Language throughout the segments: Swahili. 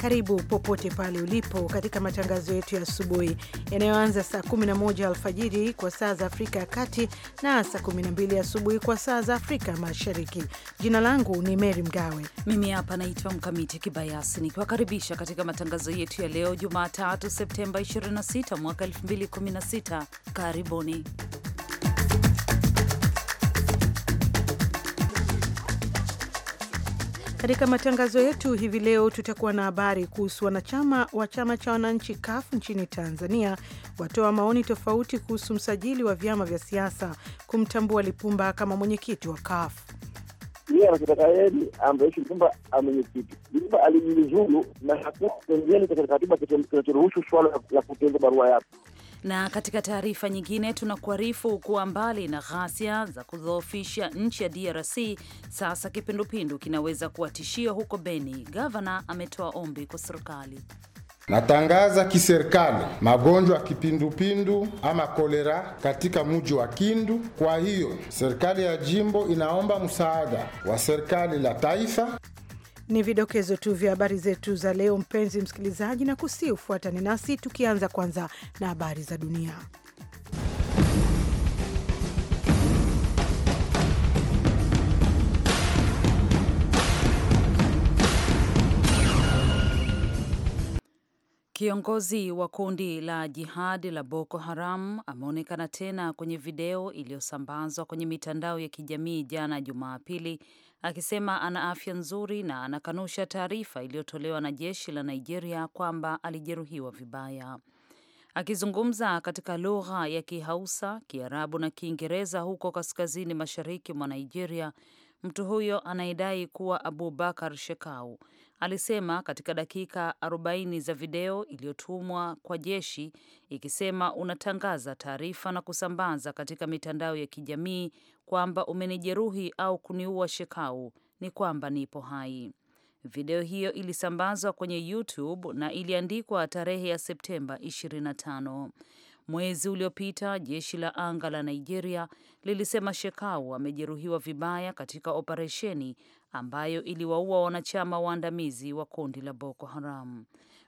Karibu popote pale ulipo katika matangazo yetu ya asubuhi yanayoanza saa 11 alfajiri kwa saa za Afrika ya Kati na saa 12 asubuhi kwa saa za Afrika Mashariki. Jina langu ni Meri Mgawe, mimi hapa naitwa Mkamiti Kibayasi nikiwakaribisha katika matangazo yetu ya leo Jumatatu Septemba 26 mwaka 2016. Karibuni. Katika matangazo yetu hivi leo tutakuwa na habari kuhusu wanachama wa chama cha wananchi CUF nchini Tanzania watoa maoni tofauti kuhusu msajili wa vyama vya siasa kumtambua Lipumba kama mwenyekiti wa CUF. Yeye anachotaka yeye ambaye Lipumba amenyekiti. Lipumba alijiuzulu na hakuna kipengele katika katiba kinachoruhusu swala la kutenga barua yake. Na katika taarifa nyingine tunakuarifu kuwa mbali na ghasia za kudhoofisha nchi ya DRC, sasa kipindupindu kinaweza kuwa tishio huko Beni. Gavana ametoa ombi kwa serikali. Natangaza kiserikali magonjwa ya kipindupindu ama kolera katika mji wa Kindu. Kwa hiyo serikali ya jimbo inaomba msaada wa serikali la taifa. Ni vidokezo tu vya habari zetu za leo, mpenzi msikilizaji, na kusi ufuatane nasi tukianza kwanza na habari za dunia. Kiongozi wa kundi la jihadi la Boko Haram ameonekana tena kwenye video iliyosambazwa kwenye mitandao ya kijamii jana Jumapili akisema ana afya nzuri na anakanusha taarifa iliyotolewa na jeshi la Nigeria kwamba alijeruhiwa vibaya. Akizungumza katika lugha ya Kihausa, Kiarabu na Kiingereza huko kaskazini mashariki mwa Nigeria, mtu huyo anayedai kuwa Abubakar Shekau alisema katika dakika 40 za video iliyotumwa kwa jeshi ikisema unatangaza taarifa na kusambaza katika mitandao ya kijamii kwamba umenijeruhi au kuniua Shekau, ni kwamba nipo hai. Video hiyo ilisambazwa kwenye YouTube na iliandikwa tarehe ya Septemba 25. Mwezi uliopita jeshi la anga la Nigeria lilisema Shekau amejeruhiwa vibaya katika operesheni ambayo iliwaua wanachama waandamizi wa kundi la Boko Haram.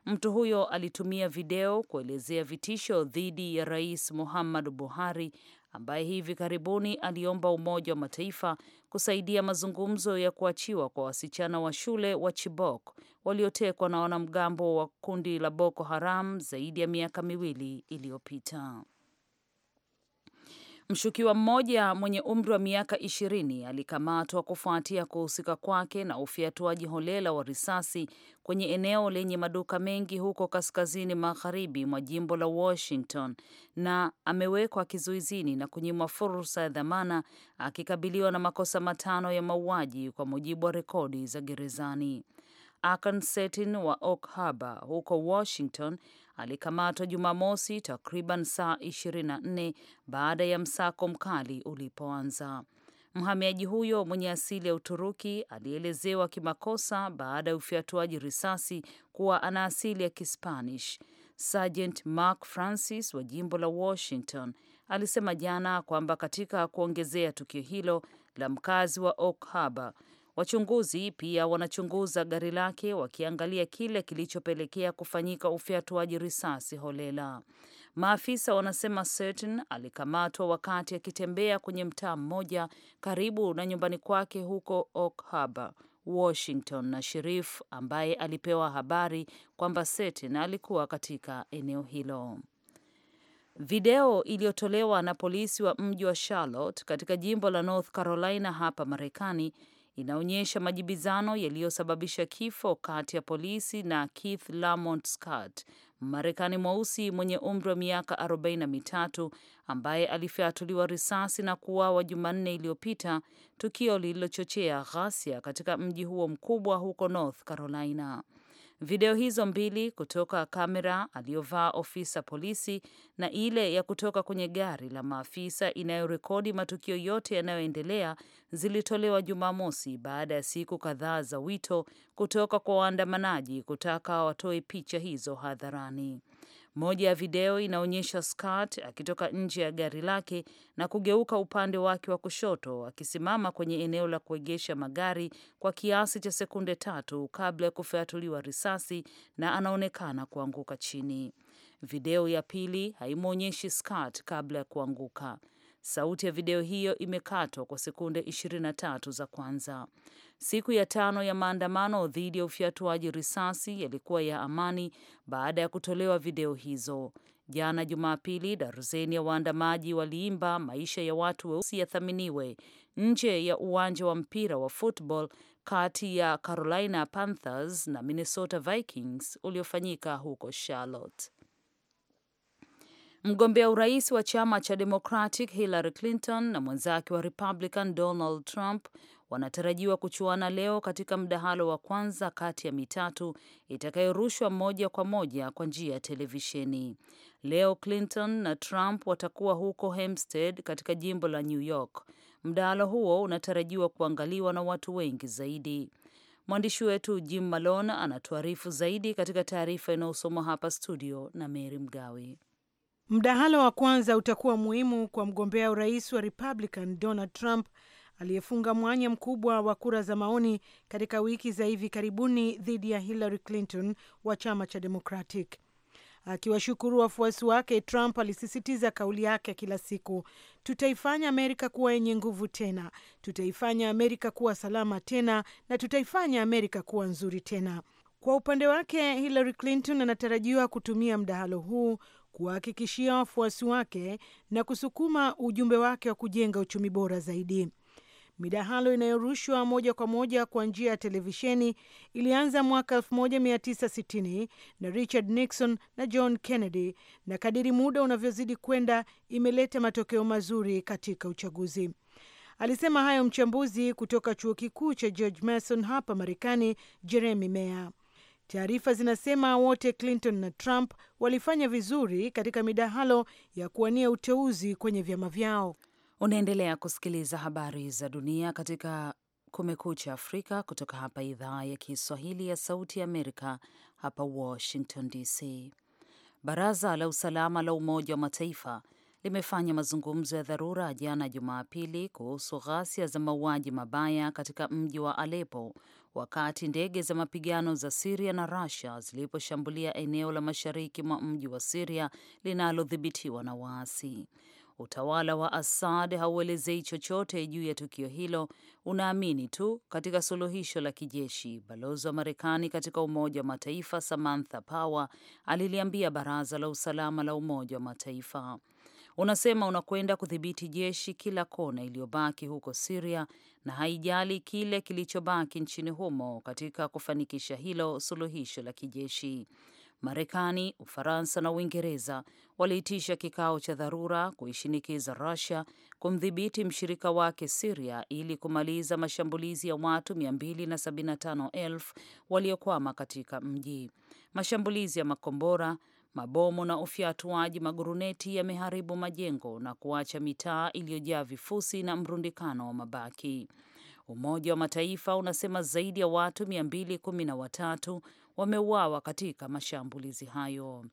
Mtu huyo alitumia video kuelezea vitisho dhidi ya Rais Muhammadu Buhari ambaye hivi karibuni aliomba Umoja wa Mataifa kusaidia mazungumzo ya kuachiwa kwa wasichana wa shule wa Chibok waliotekwa na wanamgambo wa kundi la Boko Haram zaidi ya miaka miwili iliyopita. Mshukiwa mmoja mwenye umri wa miaka ishirini alikamatwa kufuatia kuhusika kwake na ufiatuaji holela wa risasi kwenye eneo lenye maduka mengi huko kaskazini magharibi mwa jimbo la Washington na amewekwa kizuizini na kunyimwa fursa ya dhamana akikabiliwa na makosa matano ya mauaji kwa mujibu wa rekodi za gerezani. Akan Setin wa Oak Harbor huko Washington alikamatwa Jumamosi takriban saa 24 baada ya msako mkali ulipoanza. Mhamiaji huyo mwenye asili ya Uturuki alielezewa kimakosa baada ya ufyatuaji risasi kuwa ana asili ya Kispanish. Sergeant Mark Francis wa jimbo la Washington alisema jana kwamba katika kuongezea tukio hilo la mkazi wa Oak Harbor Wachunguzi pia wanachunguza gari lake wakiangalia kile kilichopelekea kufanyika ufyatuaji risasi holela. Maafisa wanasema Sutton alikamatwa wakati akitembea kwenye mtaa mmoja karibu na nyumbani kwake huko Oak Harbor, Washington, na sherif ambaye alipewa habari kwamba Sutton alikuwa katika eneo hilo. Video iliyotolewa na polisi wa mji wa Charlotte katika jimbo la North Carolina hapa Marekani inaonyesha majibizano yaliyosababisha kifo kati ya polisi na Keith Lamont Scott, Mmarekani mweusi mwenye umri wa miaka arobaini na mitatu ambaye alifyatuliwa risasi na kuuawa Jumanne iliyopita, tukio lililochochea ghasia katika mji huo mkubwa huko North Carolina. Video hizo mbili kutoka kamera aliyovaa ofisa polisi na ile ya kutoka kwenye gari la maafisa inayorekodi matukio yote yanayoendelea zilitolewa Jumamosi baada ya siku kadhaa za wito kutoka kwa waandamanaji kutaka watoe picha hizo hadharani. Moja ya video inaonyesha Scott akitoka nje ya gari lake na kugeuka upande wake wa kushoto akisimama kwenye eneo la kuegesha magari kwa kiasi cha sekunde tatu kabla ya kufyatuliwa risasi na anaonekana kuanguka chini. Video ya pili haimwonyeshi Scott kabla ya kuanguka. Sauti ya video hiyo imekatwa kwa sekunde 23 za kwanza. Siku ya tano ya maandamano dhidi ya ufyatuaji risasi yalikuwa ya amani baada ya kutolewa video hizo. Jana Jumapili, darzeni ya waandamaji waliimba maisha ya watu weusi yathaminiwe nje ya uwanja wa mpira wa football kati ya Carolina Panthers na Minnesota Vikings uliofanyika huko Charlotte. Mgombea urais wa chama cha Democratic Hillary Clinton na mwenzake wa Republican Donald Trump wanatarajiwa kuchuana leo katika mdahalo wa kwanza kati ya mitatu itakayorushwa moja kwa moja kwa njia ya televisheni. Leo Clinton na Trump watakuwa huko Hempstead katika jimbo la New York. Mdahalo huo unatarajiwa kuangaliwa na watu wengi zaidi. Mwandishi wetu Jim Malone anatuarifu zaidi katika taarifa inayosomwa hapa studio na Mary Mgawe. Mdahalo wa kwanza utakuwa muhimu kwa mgombea urais wa Republican Donald Trump aliyefunga mwanya mkubwa wa kura za maoni katika wiki za hivi karibuni dhidi ya Hillary Clinton wa chama cha Democratic. Akiwashukuru wafuasi wake, Trump alisisitiza kauli yake kila siku: tutaifanya Amerika kuwa yenye nguvu tena, tutaifanya Amerika kuwa salama tena, na tutaifanya Amerika kuwa nzuri tena. Kwa upande wake, Hillary Clinton anatarajiwa kutumia mdahalo huu kuwahakikishia wafuasi wake na kusukuma ujumbe wake wa kujenga uchumi bora zaidi. Midahalo inayorushwa moja kwa moja kwa njia ya televisheni ilianza mwaka 1960 na Richard Nixon na John Kennedy, na kadiri muda unavyozidi kwenda imeleta matokeo mazuri katika uchaguzi. Alisema hayo mchambuzi kutoka chuo kikuu cha George Mason hapa Marekani, Jeremy Meyer. Taarifa zinasema wote Clinton na Trump walifanya vizuri katika midahalo ya kuwania uteuzi kwenye vyama vyao. Unaendelea kusikiliza habari za dunia katika Kumekucha Afrika kutoka hapa idhaa ya Kiswahili ya Sauti ya Amerika, hapa Washington DC. Baraza la Usalama la Umoja wa Mataifa limefanya mazungumzo ya dharura jana Jumapili kuhusu ghasia za mauaji mabaya katika mji wa Alepo wakati ndege za mapigano za Siria na Rusia ziliposhambulia eneo la mashariki mwa mji wa Siria linalodhibitiwa na waasi. Utawala wa Assad hauelezei chochote juu ya tukio hilo, unaamini tu katika suluhisho la kijeshi. Balozi wa Marekani katika Umoja wa Mataifa Samantha Power aliliambia Baraza la Usalama la Umoja wa Mataifa Unasema unakwenda kudhibiti jeshi kila kona iliyobaki huko Siria na haijali kile kilichobaki nchini humo katika kufanikisha hilo suluhisho la kijeshi. Marekani, Ufaransa na Uingereza waliitisha kikao cha dharura kuishinikiza Russia kumdhibiti mshirika wake siria ili kumaliza mashambulizi ya watu 275,000 waliokwama katika mji. Mashambulizi ya makombora Mabomu na ufyatuaji maguruneti yameharibu majengo na kuacha mitaa iliyojaa vifusi na mrundikano wa mabaki. Umoja wa Mataifa unasema zaidi ya watu watatu wameuawa katika mashambulizi hayo.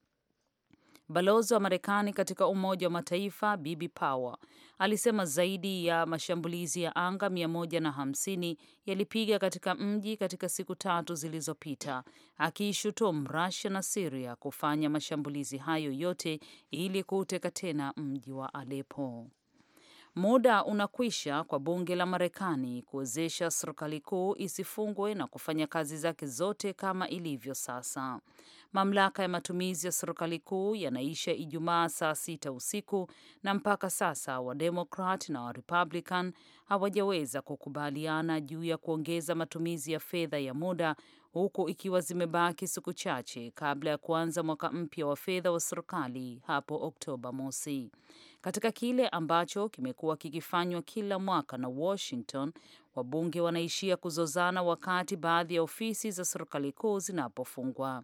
Balozi wa Marekani katika Umoja wa Mataifa Bibi Power alisema zaidi ya mashambulizi ya anga 150 yalipiga katika mji katika siku tatu zilizopita, akiishutumu Russia na siria kufanya mashambulizi hayo yote ili kuuteka tena mji wa Aleppo. Muda unakwisha kwa bunge la Marekani kuwezesha serikali kuu isifungwe na kufanya kazi zake zote kama ilivyo sasa. Mamlaka ya matumizi ya serikali kuu yanaisha Ijumaa saa sita usiku, na mpaka sasa Wademokrat na Warepublican hawajaweza kukubaliana juu ya kuongeza matumizi ya fedha ya muda huku ikiwa zimebaki siku chache kabla ya kuanza mwaka mpya wa fedha wa serikali hapo Oktoba mosi katika kile ambacho kimekuwa kikifanywa kila mwaka na Washington. Wabunge wanaishia kuzozana wakati baadhi ya ofisi za serikali kuu zinapofungwa.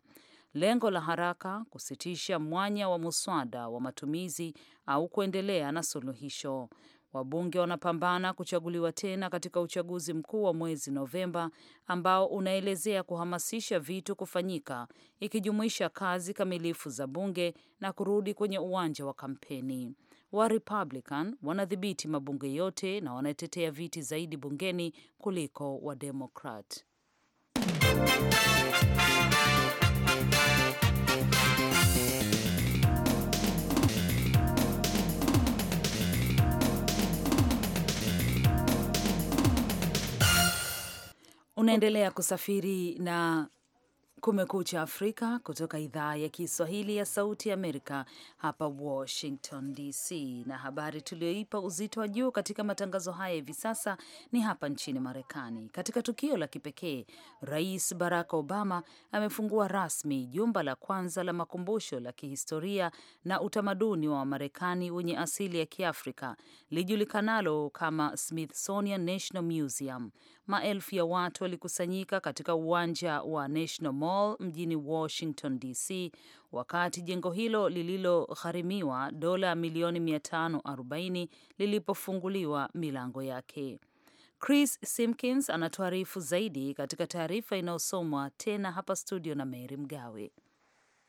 Lengo la haraka kusitisha mwanya wa muswada wa matumizi au kuendelea na suluhisho. Wabunge wanapambana kuchaguliwa tena katika uchaguzi mkuu wa mwezi Novemba ambao unaelezea kuhamasisha vitu kufanyika ikijumuisha kazi kamilifu za bunge na kurudi kwenye uwanja wa kampeni wa Republican wanadhibiti mabunge yote na wanatetea viti zaidi bungeni kuliko wa Democrat. Unaendelea kusafiri na Kumekucha Afrika kutoka idhaa ya Kiswahili ya Sauti Amerika hapa Washington DC, na habari tuliyoipa uzito wa juu katika matangazo haya hivi sasa ni hapa nchini Marekani. Katika tukio la kipekee, Rais Barack Obama amefungua rasmi jumba la kwanza la makumbusho la kihistoria na utamaduni wa Wamarekani wenye asili ya Kiafrika lijulikanalo kama Smithsonian National Museum maelfu ya watu walikusanyika katika uwanja wa National Mall mjini Washington DC, wakati jengo hilo lililogharimiwa dola milioni 540 lilipofunguliwa milango yake. Chris Simkins anatuarifu zaidi katika taarifa inayosomwa tena hapa studio na Mary Mgawe.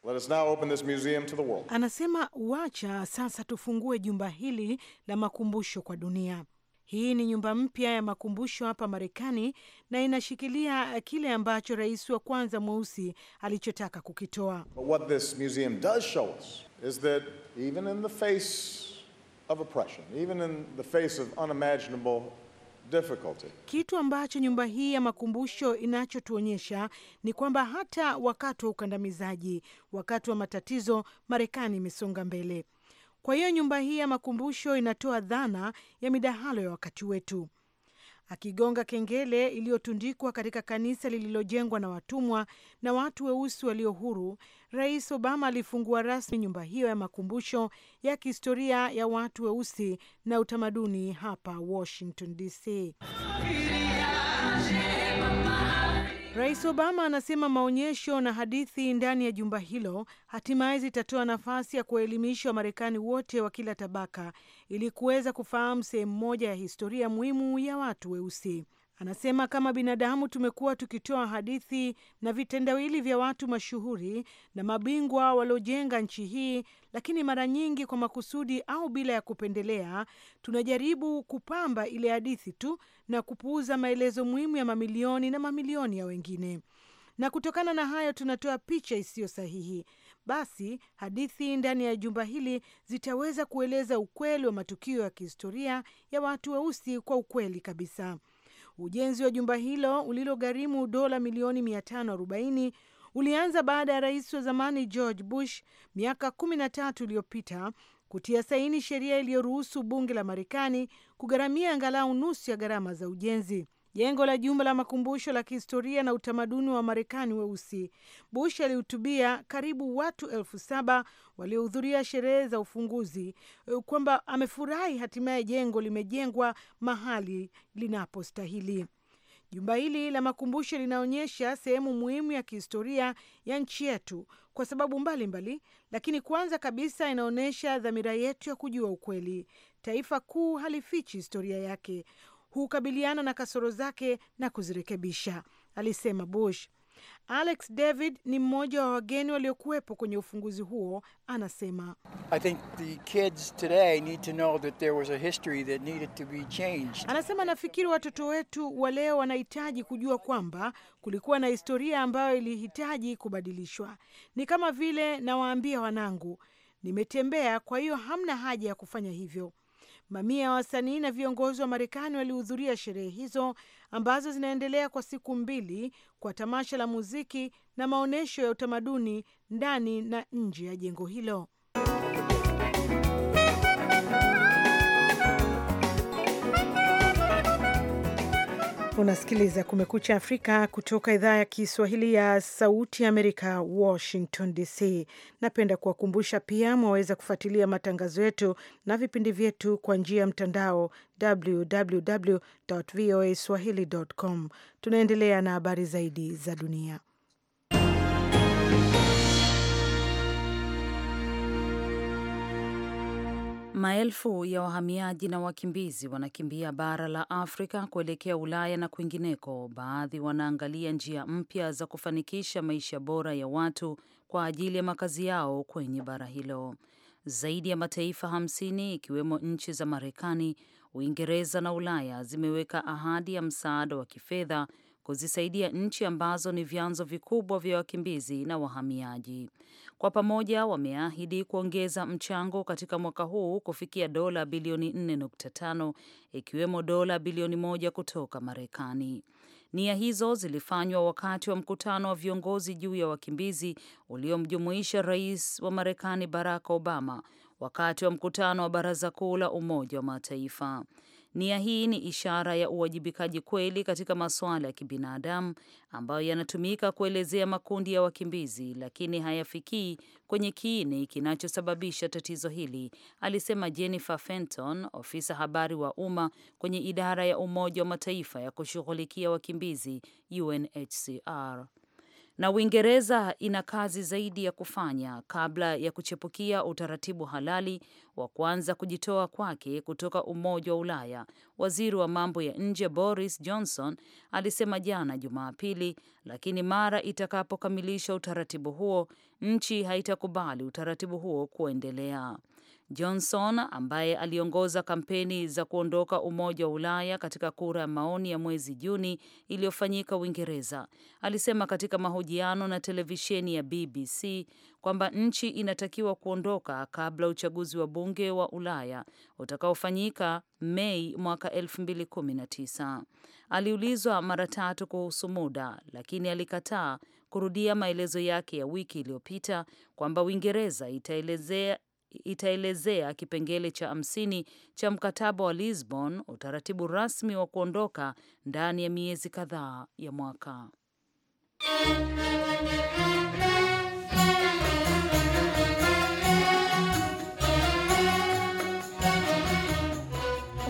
Let us now open this museum to the world. Anasema wacha sasa tufungue jumba hili la makumbusho kwa dunia. Hii ni nyumba mpya ya makumbusho hapa Marekani na inashikilia kile ambacho rais wa kwanza mweusi alichotaka kukitoa. Kitu ambacho nyumba hii ya makumbusho inachotuonyesha ni kwamba hata wakati wa ukandamizaji, wakati wa matatizo, Marekani imesonga mbele. Kwa hiyo nyumba hii ya makumbusho inatoa dhana ya midahalo ya wakati wetu. Akigonga kengele iliyotundikwa katika kanisa lililojengwa na watumwa na watu weusi walio huru, Rais Obama alifungua rasmi nyumba hiyo ya makumbusho ya kihistoria ya watu weusi na utamaduni hapa Washington DC. Rais Obama anasema maonyesho na hadithi ndani ya jumba hilo hatimaye zitatoa nafasi ya kuwaelimisha Wamarekani wote wa kila tabaka ili kuweza kufahamu sehemu moja ya historia muhimu ya watu weusi. Anasema kama binadamu tumekuwa tukitoa hadithi na vitendawili vya watu mashuhuri na mabingwa waliojenga nchi hii, lakini mara nyingi kwa makusudi au bila ya kupendelea, tunajaribu kupamba ile hadithi tu na kupuuza maelezo muhimu ya mamilioni na mamilioni ya wengine, na kutokana na hayo tunatoa picha isiyo sahihi. Basi hadithi ndani ya jumba hili zitaweza kueleza ukweli wa matukio ya kihistoria ya watu weusi kwa ukweli kabisa. Ujenzi wa jumba hilo ulilogharimu dola milioni 540 ulianza baada ya rais wa zamani George Bush miaka 13 iliyopita kutia saini sheria iliyoruhusu bunge la Marekani kugharamia angalau nusu ya gharama za ujenzi jengo la jumba la makumbusho la kihistoria na utamaduni wa Marekani weusi. Bush alihutubia karibu watu elfu saba waliohudhuria sherehe za ufunguzi eh, kwamba amefurahi hatimaye jengo limejengwa mahali linapostahili. Jumba hili la makumbusho linaonyesha sehemu muhimu ya kihistoria ya nchi yetu kwa sababu mbalimbali mbali, lakini kwanza kabisa inaonyesha dhamira yetu ya kujua ukweli. Taifa kuu halifichi historia yake hukabiliana na kasoro zake na kuzirekebisha, alisema Bush. Alex David ni mmoja wa wageni waliokuwepo kwenye ufunguzi huo, anasema anasema, nafikiri watoto wetu wa leo wanahitaji kujua kwamba kulikuwa na historia ambayo ilihitaji kubadilishwa. Ni kama vile nawaambia wanangu, nimetembea, kwa hiyo hamna haja ya kufanya hivyo. Mamia ya wasanii na viongozi wa Marekani walihudhuria sherehe hizo ambazo zinaendelea kwa siku mbili kwa tamasha la muziki na maonyesho ya utamaduni ndani na nje ya jengo hilo. Unasikiliza Kumekucha Afrika kutoka idhaa ya Kiswahili ya Sauti ya Amerika, Washington DC. Napenda kuwakumbusha pia mwaweza kufuatilia matangazo yetu na vipindi vyetu kwa njia ya mtandao www voa swahili com. Tunaendelea na habari zaidi za dunia. Maelfu ya wahamiaji na wakimbizi wanakimbia bara la Afrika kuelekea Ulaya na kwingineko. Baadhi wanaangalia njia mpya za kufanikisha maisha bora ya watu kwa ajili ya makazi yao kwenye bara hilo. Zaidi ya mataifa hamsini ikiwemo nchi za Marekani, Uingereza na Ulaya zimeweka ahadi ya msaada wa kifedha kuzisaidia nchi ambazo ni vyanzo vikubwa vya wakimbizi na wahamiaji. Kwa pamoja wameahidi kuongeza mchango katika mwaka huu kufikia dola bilioni 4.5 ikiwemo dola bilioni moja kutoka Marekani. Nia hizo zilifanywa wakati wa mkutano wa viongozi juu ya wakimbizi uliomjumuisha rais wa Marekani Barack Obama wakati wa mkutano wa Baraza Kuu la Umoja wa Mataifa. Nia hii ni ishara ya uwajibikaji kweli katika masuala ya kibinadamu ambayo yanatumika kuelezea makundi ya wakimbizi, lakini hayafikii kwenye kiini kinachosababisha tatizo hili, alisema Jennifer Fenton, ofisa habari wa umma kwenye idara ya Umoja wa Mataifa ya kushughulikia wakimbizi UNHCR na Uingereza ina kazi zaidi ya kufanya kabla ya kuchepukia utaratibu halali wa kuanza kujitoa kwake kutoka Umoja wa Ulaya, waziri wa mambo ya nje Boris Johnson alisema jana Jumapili, lakini mara itakapokamilisha utaratibu huo, nchi haitakubali utaratibu huo kuendelea. Johnson ambaye aliongoza kampeni za kuondoka Umoja wa Ulaya katika kura ya maoni ya mwezi Juni iliyofanyika Uingereza, alisema katika mahojiano na televisheni ya BBC kwamba nchi inatakiwa kuondoka kabla uchaguzi wa bunge wa Ulaya utakaofanyika Mei mwaka 2019. Aliulizwa mara tatu kuhusu muda, lakini alikataa kurudia maelezo yake ya wiki iliyopita kwamba Uingereza itaelezea itaelezea kipengele cha hamsini cha mkataba wa Lisbon, utaratibu rasmi wa kuondoka ndani ya miezi kadhaa ya mwaka.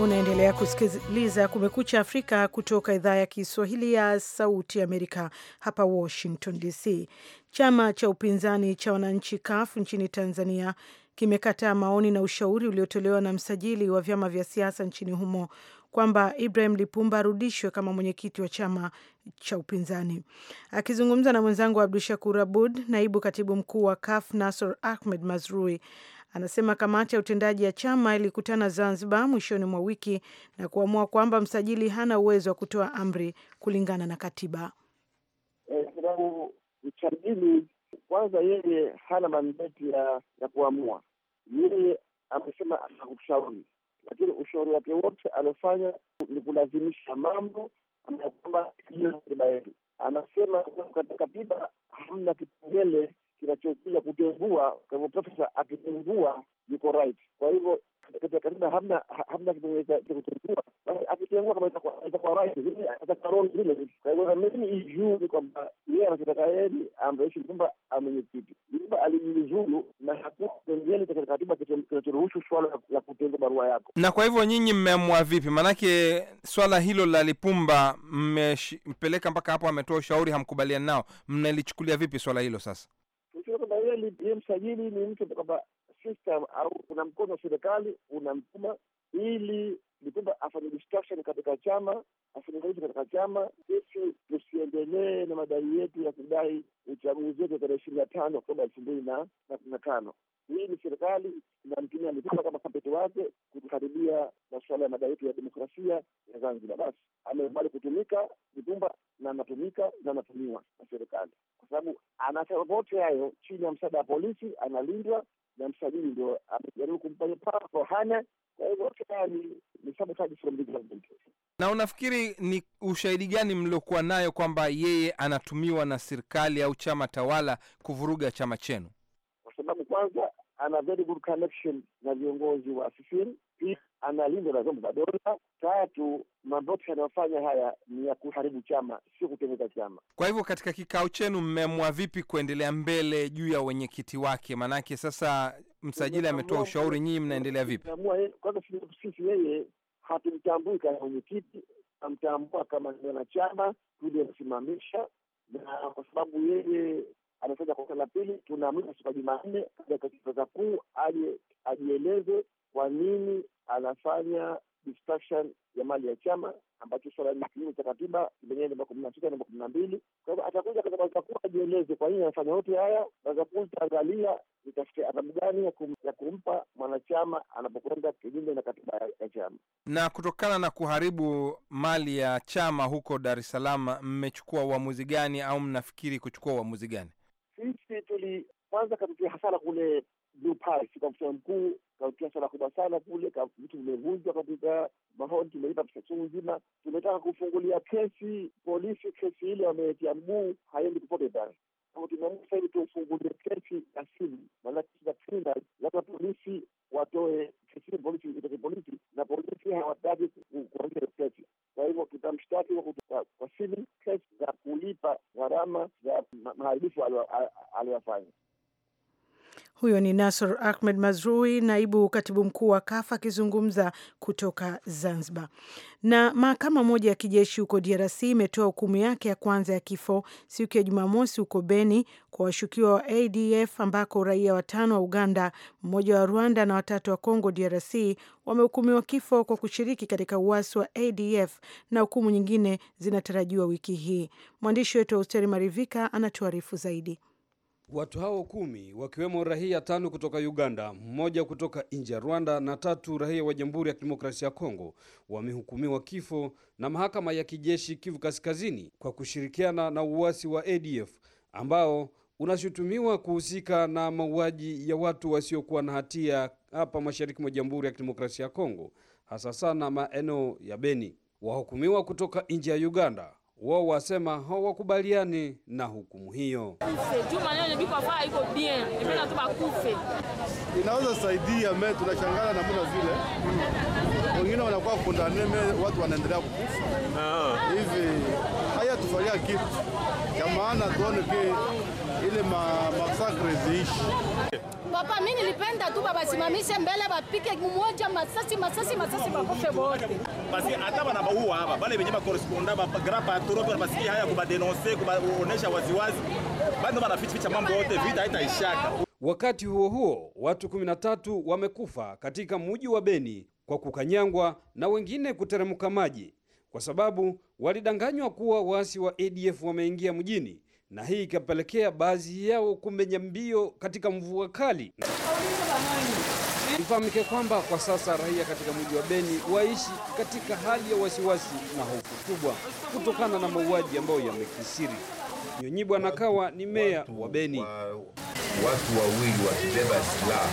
Unaendelea kusikiliza Kumekucha Afrika kutoka idhaa ya Kiswahili ya Sauti Amerika, hapa Washington DC. Chama cha upinzani cha wananchi CUF nchini Tanzania kimekataa maoni na ushauri uliotolewa na msajili wa vyama vya siasa nchini humo kwamba Ibrahim Lipumba arudishwe kama mwenyekiti wa chama cha upinzani. Akizungumza na mwenzangu Abdu Shakur Abud, naibu katibu mkuu wa KAF Nasor Ahmed Mazrui anasema kamati ya utendaji ya chama ilikutana Zanzibar mwishoni mwa wiki na kuamua kwamba msajili hana uwezo wa kutoa amri kulingana na katiba. Eh, kwa sababu msajili kwanza yeye hana mandeti ya, ya kuamua. Yeye amesema atakushauri, lakini ushauri wake wote aliofanya ni kulazimisha mambo ambayo kwamba hiyo katiba yetu. Anasema katika katiba hamna kipengele kinachokuja kutengua. Kwa hivyo profesa akitengua yuko right. Kwa hivyo Katiba hamna hamna kitu kutengua, akitengua vile Kwa hivyo mimi ijuu ni kwamba yeye yeye alijiuzulu na hakuna kipengele cha katiba kinachoruhusu swala la kutenga barua yako. E na kwa hivyo nyinyi mmeamua vipi? Maanake swala hilo la Lipumba mmempeleka mpaka hapo, ametoa ushauri, hamkubaliani nao, mnalichukulia vipi swala hilo sasa? Yeye msajili ni mtu kwamba system au kuna mkono wa serikali unamtuma ili ni afanye discussion katika chama, afanye kazi katika chama. Sisi tusiendelee na madai yetu ya kudai uchaguzi wetu tarehe ishirini na tano Oktoba elfu mbili na kumi na tano. Hii ni serikali inamtumia mikono kama kampeti wake kutuharibia masuala ya madai yetu ya demokrasia ya Zanzibar. Basi amekubali kutumika Lipumba na anatumika na anatumiwa na serikali, kwa sababu anafanya hayo chini ya msaada wa polisi, analindwa na msajili ndio amejaribu kumfanya papo hana. Kwa hivyo ni sabotage from the government. Na unafikiri ni ushahidi gani mliokuwa nayo kwamba yeye anatumiwa na serikali au chama tawala kuvuruga chama chenu? Kwa sababu kwanza ana very good connection na viongozi wa CCM. ana analindwa na vyombo vya dola. Tatu, mambo yote yanayofanya haya ni ya kuharibu chama, sio kutengeneza chama. Kwa hivyo, katika kikao chenu mmeamua vipi kuendelea mbele juu ya wenyekiti wake? Maanake sasa msajili ametoa ushauri, nyinyi mnaendelea vipi? Kwanza sisi yeye hatumtambui kama mwenyekiti, amtambua kama mwanachama, tuliyesimamisha na kwa sababu yeye ametaja kosa la pili, tunaamrisha siku ya Jumanne katika baraza kuu aje ajieleze kwa nini anafanya discussion ya mali ya chama ambacho swala ni kinyume cha katiba lenyewe namba kumi na sita namba kumi na mbili. Kwa hivyo atakuja katika baraza kuu ajieleze kwa nini anafanya yote haya. Baraza kuu itaangalia itafikia adhabu gani ya kumpa mwanachama anapokwenda kinyume na katiba ya chama. Na kutokana na kuharibu mali ya chama huko Dar es Salaam, mmechukua uamuzi gani au mnafikiri kuchukua uamuzi gani? Sisi tuli kwanza katutia hasara kule Blue Paris kwa mkutano mkuu, katutia hasara kubwa sana kule, vitu vimevunjwa katika mahoni, tumeipa pesa chungu nzima. Tumetaka kufungulia kesi polisi, kesi ile wameetia mguu, haendi popote pale tunasaidi tufungulie kesi ya simu, maanake kesi za criminal lazima polisi watoe polisi itoke polisi na polisi hawataki kuanzia kesi. Kwa hivyo tutamshtaki kwa simu, kesi za kulipa gharama za maharibifu aliyoyafanya. Huyo ni Nasr Ahmed Mazrui, naibu katibu mkuu wa KAF akizungumza kutoka Zanzibar. Na mahakama moja ya kijeshi huko DRC imetoa hukumu yake ya kwanza ya kifo siku ya Jumamosi huko Beni kwa washukiwa wa ADF ambako raia watano wa Uganda, mmoja wa Rwanda na watatu wa Congo DRC wamehukumiwa kifo kwa kushiriki katika uasi wa ADF na hukumu nyingine zinatarajiwa wiki hii. Mwandishi wetu wa Austeri Marivika anatuarifu zaidi. Watu hao kumi wakiwemo raia tano kutoka Uganda, mmoja kutoka nje ya Rwanda na tatu raia wa Jamhuri ya Kidemokrasia ya Kongo wamehukumiwa kifo na mahakama ya kijeshi Kivu Kaskazini kwa kushirikiana na uasi wa ADF ambao unashutumiwa kuhusika na mauaji ya watu wasiokuwa na hatia hapa mashariki mwa Jamhuri ya Kidemokrasia ya Kongo, hasa sana maeneo ya Beni. Wahukumiwa kutoka nje ya Uganda wao wasema hawakubaliani na hukumu hiyo. Inaweza saidia me, tunashangana namna zile wengine wanakuwa kundane, watu wanaendelea kukufa ah. hivi. Haya, tufanyia kitu cha maana tuone ke ile masakre ziishi. Papa, mimi nilipenda tu simamishe mbele, bapike mmoja masasi masasi masasi, bakufe bote basi. Hata wanabaua hapa bale wenye ba grapa patron na basikia haya, kubadenonse kubaonesha waziwazi, bado wanaficha mambo yote, vita haitaishaka. Wakati huo huo, watu 13 wamekufa katika mji wa Beni kwa kukanyangwa na wengine kuteremka maji kwa sababu walidanganywa kuwa waasi wa ADF wameingia mjini na hii ikapelekea baadhi yao kumenya mbio katika mvua kali. Ifahamike kwamba kwa sasa raia katika mji wa Beni waishi katika hali ya wasiwasi na hofu kubwa kutokana na mauaji ambayo yamekisiri. Nyonyibwa Nakawa ni meya wa Beni. Watu wawili wakibeba silaha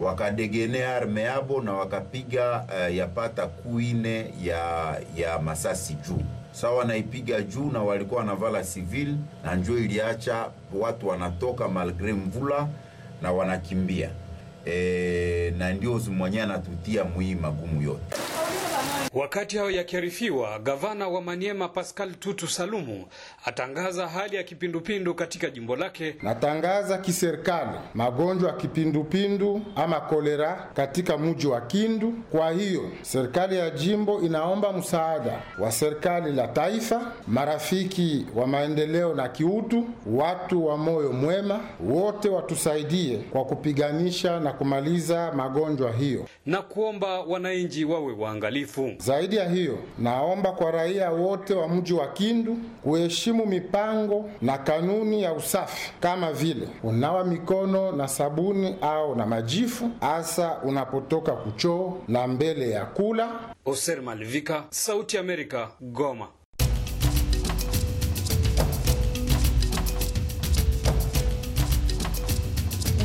wakadegenea arme yabo na wakapiga uh, yapata kuine ya, ya masasi juu sawa naipiga juu na walikuwa wanavala civil na njoo iliacha watu wanatoka malgre mvula na wanakimbia e, na ndio zimwanyana anatutia mwii magumu yote. Wakati hayo yakiarifiwa, gavana wa Maniema Pascal Tutu Salumu atangaza hali ya kipindupindu katika jimbo lake. Natangaza kiserikali magonjwa ya kipindupindu ama kolera katika mji wa Kindu. Kwa hiyo serikali ya jimbo inaomba msaada wa serikali la taifa, marafiki wa maendeleo na kiutu, watu wa moyo mwema, wote watusaidie kwa kupiganisha na kumaliza magonjwa hiyo na kuomba wananchi wawe waangalifu kifo. Zaidi ya hiyo, naomba kwa raia wote wa mji wa Kindu kuheshimu mipango na kanuni ya usafi kama vile unawa mikono na sabuni au na majifu, hasa unapotoka kuchoo na mbele ya kula. Oser Sauti Amerika, Goma.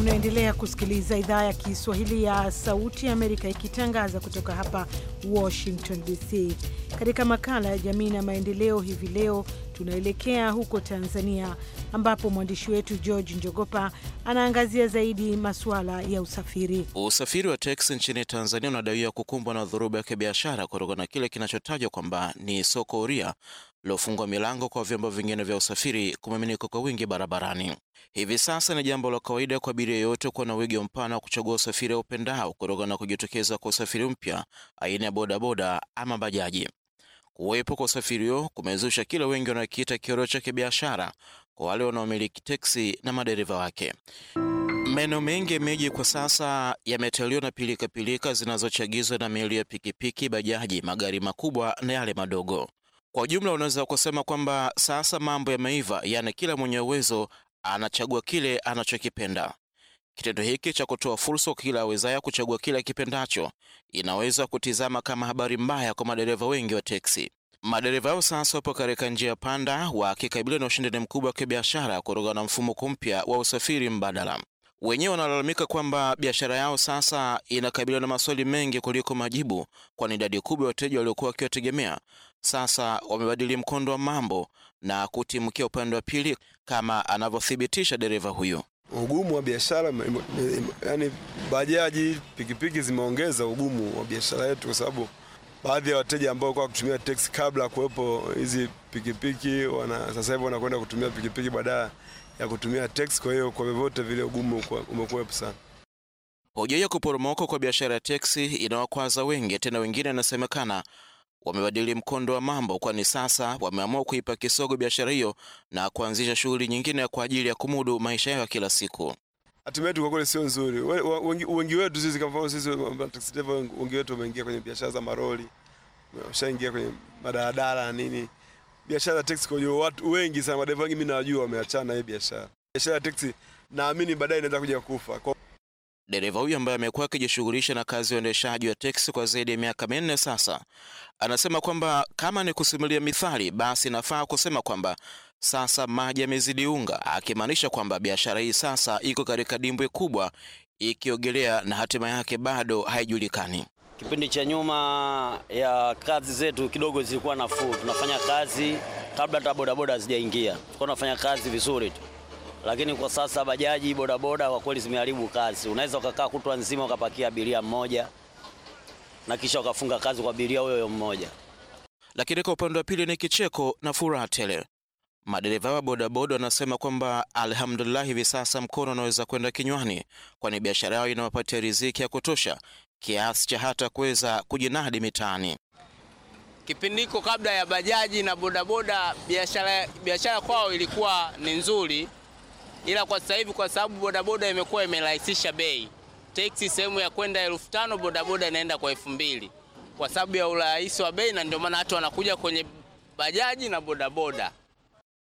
Unaendelea kusikiliza idhaa ya Kiswahili ya Sauti ya Amerika ikitangaza kutoka hapa Washington DC. Katika makala ya jamii na maendeleo, hivi leo tunaelekea huko Tanzania, ambapo mwandishi wetu George Njogopa anaangazia zaidi masuala ya usafiri. Usafiri wa teksi nchini Tanzania unadaiwa kukumbwa na dhoruba ya kibiashara kutokana na kile kinachotajwa kwamba ni soko huria lilofungwa milango kwa vyombo vingine vya usafiri kumiminika kwa wingi barabarani. Hivi sasa ni jambo la kawaida kwa abiria yote kuwa na wigo mpana wa kuchagua usafiri upendao kutokana na kujitokeza kwa usafiri mpya aina ya bodaboda ama bajaji. Kuwepo kwa usafiri huo kumezusha kile wengi wanakiita kioro cha kibiashara kwa wale wanaomiliki teksi na madereva wake. Maeneo mengi ya miji kwa sasa yametaliwa na pilikapilika zinazochagizwa na miili ya pikipiki, bajaji, magari makubwa na yale madogo. Kwa ujumla, unaweza kusema kwamba sasa mambo yameiva, yani kila mwenye uwezo anachagua kile anachokipenda. Kitendo hiki cha kutoa fursa kwa kila awezaya kuchagua kile akipendacho inaweza kutizama kama habari mbaya kwa madereva wengi wa teksi. Madereva hao sasa wapo katika njia panda, wakikabiliwa na ushindani mkubwa wa kibiashara kutokana na mfumuko mpya wa usafiri mbadala. Wenyewe wanalalamika kwamba biashara yao sasa inakabiliwa na maswali mengi kuliko majibu, kwani idadi kubwa ya wateja waliokuwa wakiwategemea sasa wamebadili mkondo wa mambo na kutimkia upande wa pili, kama anavyothibitisha dereva huyu. Ugumu wa biashara, yani bajaji, pikipiki zimeongeza ugumu wa biashara yetu, kwa sababu baadhi ya wateja ambao kwa kutumia teksi kabla ya kuwepo hizi pikipiki wana, sasa hivi wanakwenda kutumia pikipiki baadaye ya kutumia teksi. Kwa hiyo kwa vyovyote vile ugumu umekuwepo sana. Hoja ya kuporomoka kwa biashara ya teksi inawakwaza wengi, tena wengine inasemekana wamebadili mkondo wa mambo, kwani sasa wameamua kuipa kisogo biashara hiyo na kuanzisha shughuli nyingine kwa ajili ya kumudu maisha yao ya kila siku. Hatima yetu kwa kweli sio nzuri. Wengi wetu sisi, kwa mfano sisi taxi driver, wengi wetu wameingia kwenye biashara za maroli, washaingia kwenye madaladala na nini biashara ya teksi kwa watu wengi sana, madereva wengi mimi nawajua wameachana hii biashara. Biashara ya teksi naamini baadaye inaweza kuja kufa kwa... Dereva huyu ambaye amekuwa akijishughulisha na kazi ya uendeshaji wa teksi kwa zaidi ya miaka minne sasa, anasema kwamba kama ni kusimulia mithali, basi inafaa kusema kwamba sasa maji yamezidi unga, akimaanisha kwamba biashara hii sasa iko katika dimbwe kubwa ikiogelea na hatima yake bado haijulikani. Kipindi cha nyuma ya kazi zetu kidogo zilikuwa nafuu, tunafanya kazi kabla hata bodaboda hazijaingia, tulikuwa tunafanya kazi vizuri tu, lakini kwa sasa bajaji, bodaboda kwa kweli zimeharibu kazi. Unaweza ukakaa kutwa nzima ukapakia abiria mmoja na kisha ukafunga kazi kwa abiria huyo mmoja. Lakini kwa upande wa pili ni kicheko na furaha tele. Madereva wa bodaboda wanasema kwamba alhamdulillah, hivi sasa mkono unaweza kwenda kinywani, kwani biashara yao inawapatia riziki ya kutosha kiasi cha hata kuweza kujinadi mitaani. Kipindi hiko kabla ya bajaji na bodaboda, biashara biashara kwao ilikuwa ni nzuri, ila kwa sasa hivi kwa sababu bodaboda imekuwa imerahisisha bei, teksi sehemu ya kwenda elfu tano bodaboda inaenda kwa elfu mbili kwa sababu ya urahisi wa bei, na ndio maana watu wanakuja kwenye bajaji na bodaboda.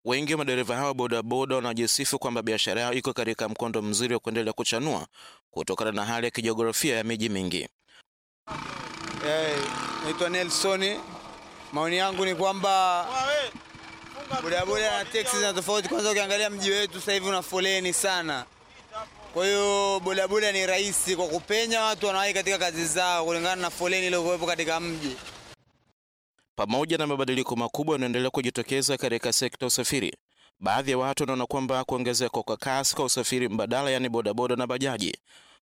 Wengi wa madereva hao bodaboda wanajisifu kwamba biashara yao iko katika mkondo mzuri wa kuendelea kuchanua kutokana na hali ya kijiografia ya miji mingi. Hey, eh, naitwa nelson Maoni yangu ni kwamba bodaboda na teksi zina tofauti. Kwanza ukiangalia mji wetu sasa hivi una foleni sana, kwa hiyo bodaboda ni rahisi kwa kupenya, watu wanawahi katika kazi zao kulingana na foleni iliyokuwepo katika mji. Pamoja na mabadiliko makubwa yanaendelea kujitokeza katika sekta usafiri, baadhi ya watu wanaona kwamba kuongezeka kwa kasi kwa usafiri mbadala, yaani bodaboda na bajaji,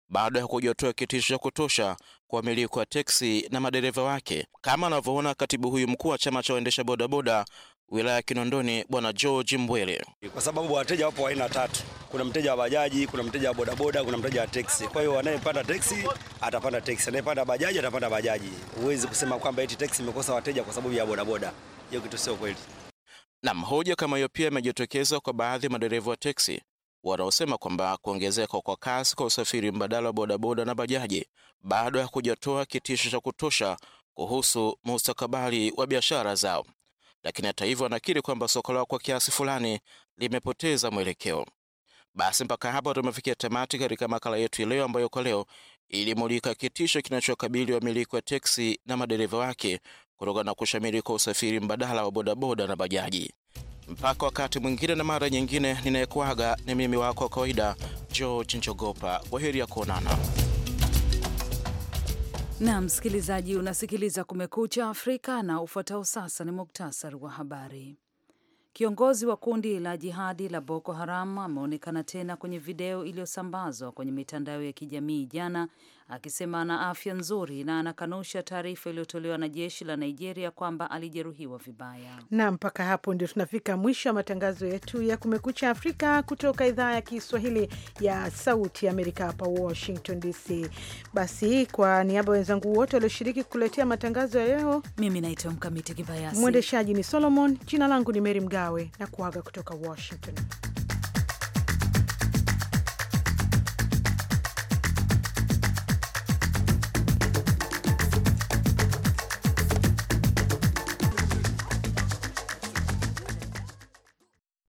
bado hakujatoa kitisho cha kutosha kwa wamiliki wa teksi na madereva wake, kama anavyoona katibu huyu mkuu wa chama cha waendesha bodaboda wilaya ya Kinondoni Bwana George Mbwele. Kwa sababu wateja wapo aina tatu, kuna mteja wa bajaji, kuna mteja wa bodaboda, kuna mteja wa teksi. Kwa hiyo anayepanda teksi atapanda teksi, anayepanda bajaji atapanda bajaji. Huwezi kusema kwamba eti teksi imekosa wateja kwa sababu ya bodaboda, hiyo kitu sio kweli. Nam, hoja kama hiyo pia imejitokeza kwa baadhi ya madereva wa teksi wanaosema kwamba kuongezeka kwa kasi kwa usafiri mbadala wa bodaboda na bajaji bado hakujatoa kitisho cha kutosha kuhusu mustakabali wa biashara zao lakini hata hivyo anakiri kwamba soko lao kwa kiasi fulani limepoteza mwelekeo. Basi mpaka hapo tumefikia tamati katika makala yetu leo, ambayo kwa leo ilimulika kitisho kinachokabili wamiliki wa teksi na madereva wake kutokana na kushamiri kwa usafiri mbadala wa bodaboda na bajaji. Mpaka wakati mwingine na mara nyingine, ninayekuaga ni mimi wako wa kawaida George Njogopa. heri ya kuonana. Na msikilizaji, unasikiliza Kumekucha Afrika na ufuatao sasa ni muktasari wa habari. Kiongozi wa kundi la jihadi la Boko Haram ameonekana tena kwenye video iliyosambazwa kwenye mitandao ya kijamii jana akisema ana afya nzuri na anakanusha taarifa iliyotolewa na jeshi la Nigeria kwamba alijeruhiwa vibaya. Na mpaka hapo ndio tunafika mwisho wa matangazo yetu ya Kumekucha Afrika kutoka idhaa ya Kiswahili ya Sauti Amerika hapa Washington DC. Basi kwa niaba ya wenzangu wote walioshiriki kuletea matangazo ya leo, mimi naitwa Mkamiti Kibayasi, mwendeshaji ni Solomon, jina langu ni Meri Mgawe na kuaga kutoka Washington.